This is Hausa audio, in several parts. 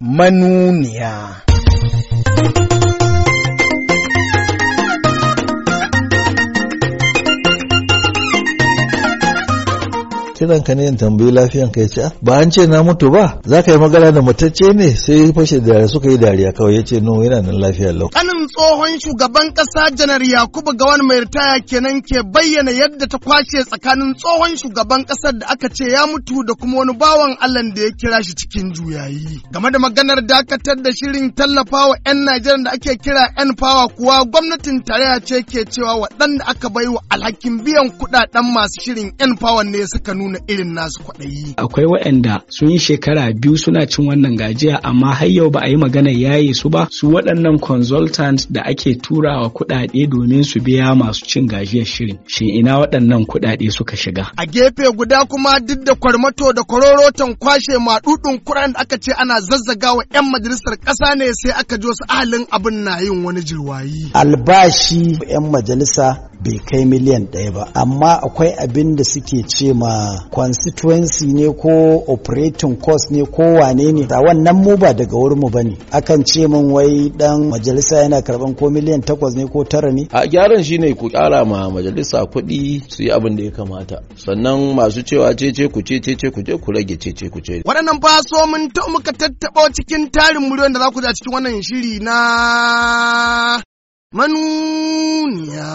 manuniya. kiran ka ne in tambayi lafiyan ka yace ah, ba an ce na mutu ba za ka yi magana da matacce ne sai fashe da suka yi dariya kawai yace no yana nan lafiya lau kanin tsohon shugaban kasa janar yakubu wani mai ritaya kenan ke bayyana yadda ta kwashe tsakanin tsohon shugaban kasar da aka ce ya mutu da kuma wani bawan allah da ya kira shi cikin juyayi game da maganar dakatar da shirin tallafawa 'yan najeriya da ake kira 'yan fawa kuwa gwamnatin tarayya ce ke cewa waɗanda aka baiwa alhakin biyan kuɗaɗen masu shirin 'yan fawa ne suka nuna nuna irin nasu kwaɗayi. Akwai waɗanda sun yi shekara biyu suna cin wannan gajiya amma har yau ba a yi magana yaye su ba su waɗannan consultant da ake turawa kuɗaɗe domin su biya masu cin gajiyar shirin. Shin ina waɗannan kuɗaɗe suka shiga? A gefe guda kuma duk da kwarmato da kwarorotan kwashe maɗuɗin kuɗaɗen da aka ce ana zazzagawa 'yan majalisar ƙasa ne sai aka jo su ahalin abin na yin wani jirwayi. Albashi 'yan majalisa bai kai miliyan ɗaya ba amma akwai abin da suke ce ma constituency ne ko operating cost ne ko wane ne da wannan mu ba daga wurin mu bane akan ce min wai dan majalisa yana karban ko miliyan takwas ne ko tara ne a gyaran shine ku kara ma majalisa kuɗi su yi abin da ya kamata sannan masu cewa cece ku ce ku je ku rage cece ku ce waɗannan faso mun ta muka tattaɓo cikin tarin muryoyin da za ku ji a cikin wannan shiri na manuniya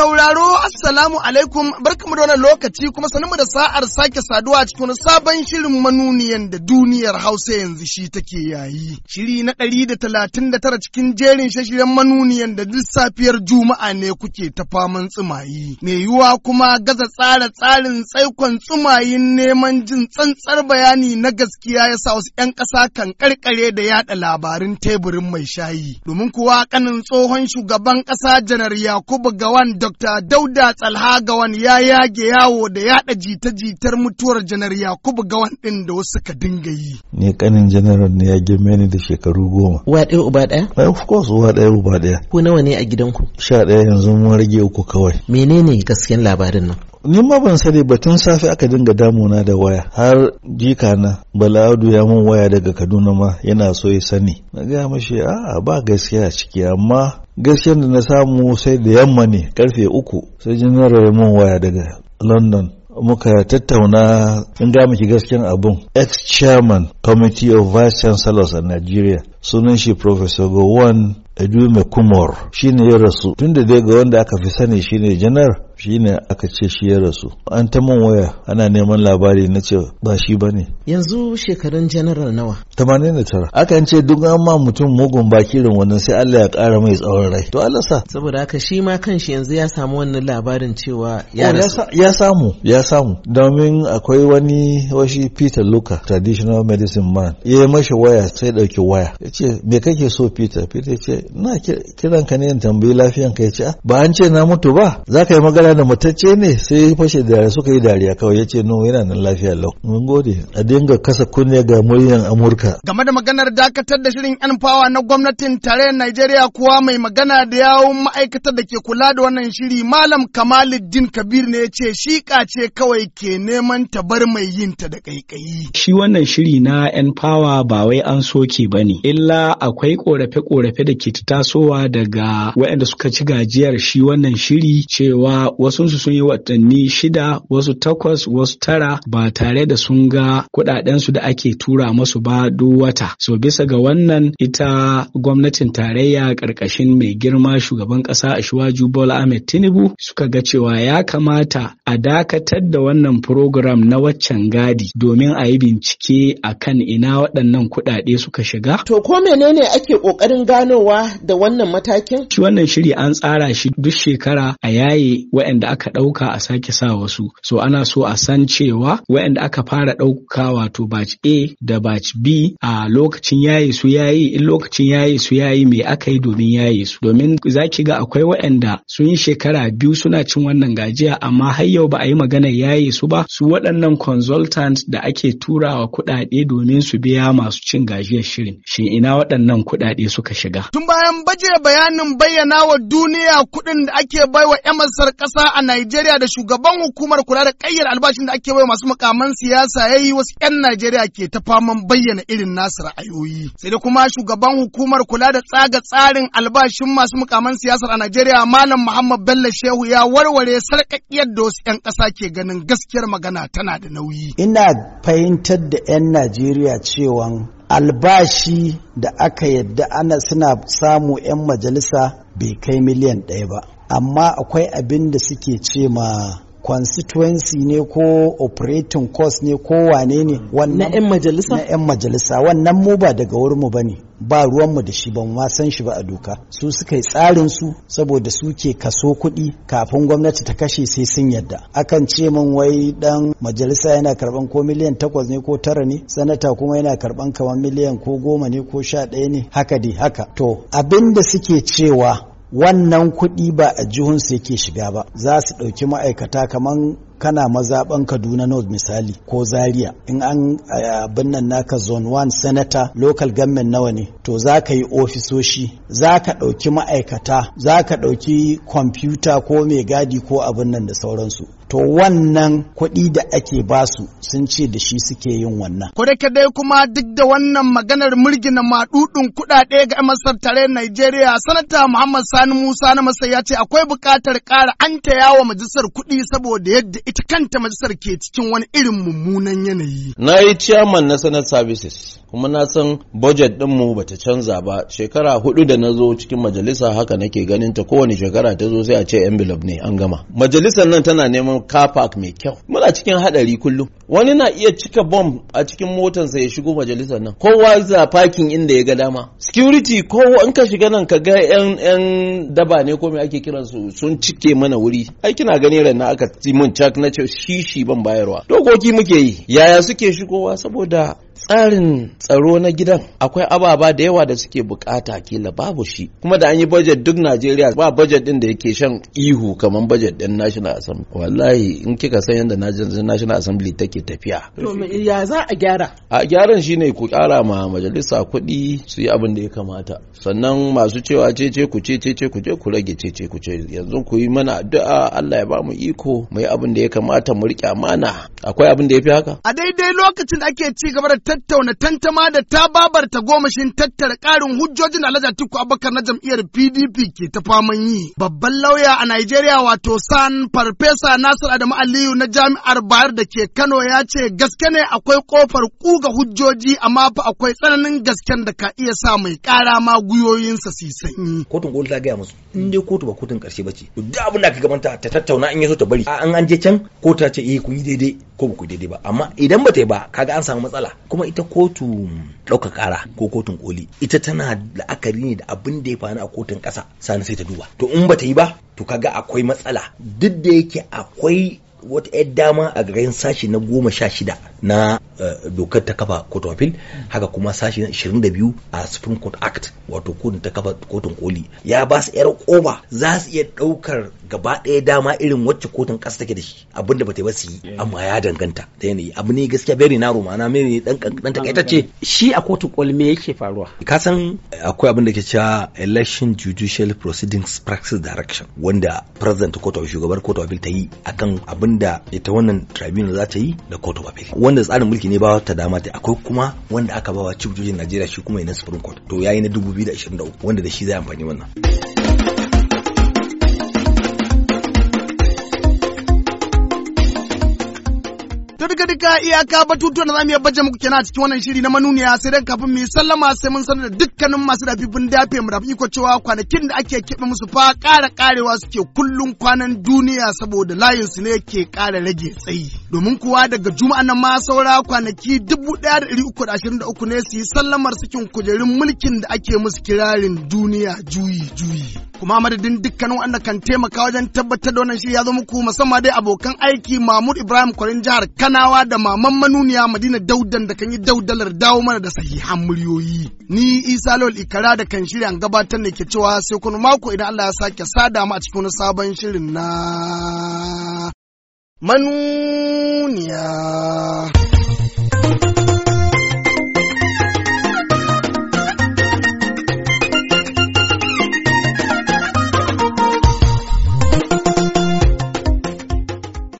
sauraro assalamu alaikum barkamu da wannan lokaci kuma sanin mu da sa'ar sake saduwa cikin sabon shirin manuniyan da duniyar Hausa yanzu shi take yayi. Shiri na ɗari da talatin da tara cikin jerin shashiren manuniyan da duk safiyar Juma'a ne kuke ta faman tsumayi. Me yiwuwa kuma gaza tsara tsarin tsaikon tsumayin neman jin tsantsar bayani na gaskiya ya sa wasu 'yan ƙasa kan karkare da yaɗa labarin teburin mai shayi. Domin kuwa kanin tsohon shugaban ƙasa janar Yakubu Gawan da Dr. Dauda Tsalha Gawan ya yage yawo da yaɗa jita-jitar mutuwar janar Yakubu Gawan ɗin da wasu ka dinga yi. Ni kanin janarar ne ya girme ni da shekaru goma. Uwa ɗaya uba ɗaya? Eh, of course uwa ɗaya uba ɗaya. Ku nawa ne a gidanku? Sha ɗaya yanzu mun rage uku kawai. Menene gaskiyan labarin nan? ni ma ban sani ba tun safe aka dinga damuna da waya har jika na bala'adu ya mun waya daga kaduna ma yana so ya sani na gaya mashi a ba gaskiya ciki amma gaskiyar da na samu sai da yamma ne karfe uku sai janar mun waya daga london muka tattauna in ga miki gaskiyar abun ex chairman committee of vice chancellors a nigeria sunan shi professor gowon Edume Kumor ne ya rasu tunda dai ga wanda aka fi sani shi ne janar shi ne aka ce shi ya rasu an ta waya ana neman labari na ce ba shi ba ne. yanzu shekarun janaral nawa 89 akan ce duk an ma mutum mugun bakirin wannan sai Allah ya ƙara mai tsawon rai to Allah sa saboda haka shi ma shi yanzu ya samu wannan labarin cewa oh, ya samu ya samu domin akwai wani washi Peter Luka traditional medicine man ya yi mashi waya sai ɗauki waya ya ce me kake so Peter Peter ce na kiran ka ne in tambayi lafiyan ka ya ce ah, ba an ce na mutu ba za ka yi magana da matacce ne sai fashe da suka yi dariya kawai ya ce no yana nan lafiya lau mun gode a dinga kasa kunne ga muryan Amurka Game da maganar dakatar da shirin 'yan fawa na gwamnatin tarayyar Najeriya kuwa mai magana da yawun ma'aikatar da ke kula da wannan shiri Malam Kamaluddin Kabir ne ce shiƙa ce kawai ke neman ta bar mai yin ta da ƙaiƙayi. Shi wannan shiri na 'yan fawa ba wai an soke ba ne, illa akwai ƙorafe-ƙorafe da ke tasowa daga waɗanda suka ci gajiyar shi wannan shiri cewa wasu sun yi watanni shida, wasu takwas, wasu tara ba tare da sun ga kuɗaɗensu da ake tura musu ba duk wata so bisa ga wannan ita gwamnatin tarayya ƙarƙashin mai girma shugaban ƙasa Ashwaju Bola Ahmed Tinubu suka ga cewa ya kamata a dakatar da wannan program na waccan gadi domin a yi bincike a kan ina waɗannan kuɗaɗe suka shiga. To ko menene ake ƙoƙarin ganowa da wannan matakin? Shi wannan shiri an tsara shi duk shekara a yaye waɗanda aka ɗauka a sake sa wasu. So ana so a san cewa waɗanda aka fara ɗauka wato batch A da batch B a lokacin yaye su yayi in lokacin yaye su yayi me aka yi domin yaye su domin za ki ga akwai waɗanda sun yi shekara biyu suna cin wannan gajiya amma har yau ba a yi maganar yaye su ba su waɗannan consultant da ake turawa kuɗaɗe domin su biya masu cin gajiyar shirin shin ina waɗannan kuɗaɗe suka shiga. Tun bayan baje bayanin bayyana wa duniya kuɗin da ake baiwa 'yan masar ƙasa a Najeriya da shugaban hukumar kula da ƙayyar albashin da ake baiwa masu mukaman siyasa ya wasu 'yan Najeriya ke ta faman bayyana irin nasu ra'ayoyi sai dai kuma shugaban hukumar kula da tsaga tsarin albashin masu mukaman siyasar a Najeriya Malam Muhammad Bello Shehu ya warware sarƙaƙiyar da wasu 'yan ƙasa ke ganin gaskiyar magana tana da nauyi ina fahimtar da 'yan Najeriya cewa albashi da aka yadda ana suna samu 'yan majalisa bai kai miliyan ɗaya ba amma akwai abin da suke ce ma constituency ne ko operating cost ne ko wane ne na 'yan majalisa na 'yan majalisa wannan mu ba daga wurinmu ba ne ba ruwanmu da shi ba mu san shi ba a doka su suka yi tsarin su saboda su ke kaso kuɗi kafin gwamnati ta kashe sai sun yadda akan ce min wai dan majalisa yana karban ko miliyan takwas ne ko tara ne sanata kuma yana karban kamar miliyan ko goma ne ko sha ɗaya ne haka dai haka to abin da suke cewa wannan kuɗi ba a jihunsu yake shiga ba za su ɗauki ma'aikata kaman kana mazaɓan kaduna north misali ko zaria in an abin nan naka zone 1 senator local government nawa ne to za ka yi ofisoshi za ka ɗauki ma'aikata za ka ɗauki kwamfuta ko mai gadi ko abin nan da sauransu to wannan kuɗi da ake basu sun ce da shi suke yin wannan. Kure ka dai kuma duk da wannan maganar murgina maɗuɗin kuɗaɗe ga masar tare Najeriya sanata Muhammad Sani Musa na Masar ya ce akwai buƙatar ƙara an taya wa majalisar kuɗi saboda yadda ita kanta majalisar ke cikin wani irin mummunan yanayi. Na yi ciyaman na Senate Services kuma na san budget ɗinmu bata canza ba shekara hudu da na zo cikin majalisa haka nake ganin ta kowane shekara ta zo sai a ce envelope ne an gama. Majalisar nan tana neman car park mai kyau muna cikin hadari kullum wani na iya cika bomb a cikin motansa ya shigo majalisar nan kowa za parking inda ya ga dama security ko in ka shiga nan ka ga yan yan daba ne ko me ake kiran su sun cike mana wuri ai kina gani ran na aka ci mun chak na ce shi shi ban bayarwa dokoki muke yi yaya suke shigowa saboda tsarin tsaro na gidan akwai ababa da yawa da suke bukata kila babu shi kuma da an yi budget duk Najeriya ba budget din da yake shan ihu kamar budget din National Assembly wallahi in kika san yadda National Assembly take tafiya ya za a gyara a gyaran shine ku kara ma majalisa kuɗi su yi abin da ya kamata sannan masu cewa cece ku cece ku je ku rage cece ku ce yanzu ku yi mana addu'a Allah ya ba mu iko mu yi abin da ya kamata mu riƙe amana akwai abin da ya fi haka a daidai lokacin da ake ci gaba da tattauna tantama da ta babarta gomashin tattara ƙarin hujjojin Alhaji Atiku Abubakar na jam'iyyar PDP ke ta faman yi. Babban lauya a Najeriya wato San Farfesa Nasir Adamu Aliyu na Jami'ar Bayar da ke Kano ya ce gaske ne akwai kofar kuga hujjoji amma fa akwai tsananin gasken da ka iya sa mai ƙara ma gwiwoyinsa su sanyi. Kotun koli ta gaya musu in dai kotu ba kotun ƙarshe ba ce duk abin da ka gabanta ta tattauna in ya so ta bari an an je can ko ta ce eh ku yi daidai ko ba ku daidai ba amma idan ba ta yi ba kaga an samu matsala kuma ita kotu ɗauka ƙara ko kotun koli ita tana la'akari ne da abin da ya faru a kotun ƙasa sani sai ta duba to in bata yi ba to kaga akwai matsala duk da yake akwai wata 'yar dama a garin sashi na goma sha shida na eh, dokar ta kafa court of haka kuma sashi na 22 a supreme court act wato kotun ta kafa kotun koli ya ba su 'yar koba za su iya ɗaukar. gaba ɗaya dama irin wacce kotun ƙasa take da shi abin da bata yi ba su yi amma ya danganta da yanayi abu ne gaskiya bari na roma na mai dan kankan takaita ce shi a kotun koli me yake faruwa ka san akwai abin da ke cewa election judicial proceedings practice direction wanda president court of shugabar court of appeal ta yi akan abin da ita wannan tribunal za ta yi da court of appeal wanda tsarin mulki ne ba ta dama ta akwai kuma wanda aka bawa chief judge Najeriya shi kuma yana supreme court to yayi na 2023 wanda da shi zai amfani wannan ka iyaka batutuwan da zamu iya baje muku kenan a cikin wannan shiri na manuniya sai dan kafin mu sallama sai mun sanar da dukkanin masu dafifin dafe mu da iko cewa kwanakin da ake kiɓe musu fa ƙara ƙarewa suke kullun kwanan duniya saboda layin su ne ke ƙara rage tsayi domin kuwa daga juma'an nan ma saura kwanaki 1323 ne su yi sallamar sakin kujerun mulkin da ake musu kirarin duniya juyi juyi. kuma madadin dukkanin wanda kan taimaka wajen tabbatar da wannan shiri ya zo muku musamman dai abokan aiki Mahmud Ibrahim Kwarin jihar Kanawa da maman manuniya Madina Daudan da kan yi daudalar dawo mana da sahihan muryoyi. Ni Isa Lawal Ikara da kan shirya gabatar ne ke cewa sai kun mako idan Allah ya sake sada mu a cikin wani sabon shirin na manuniya.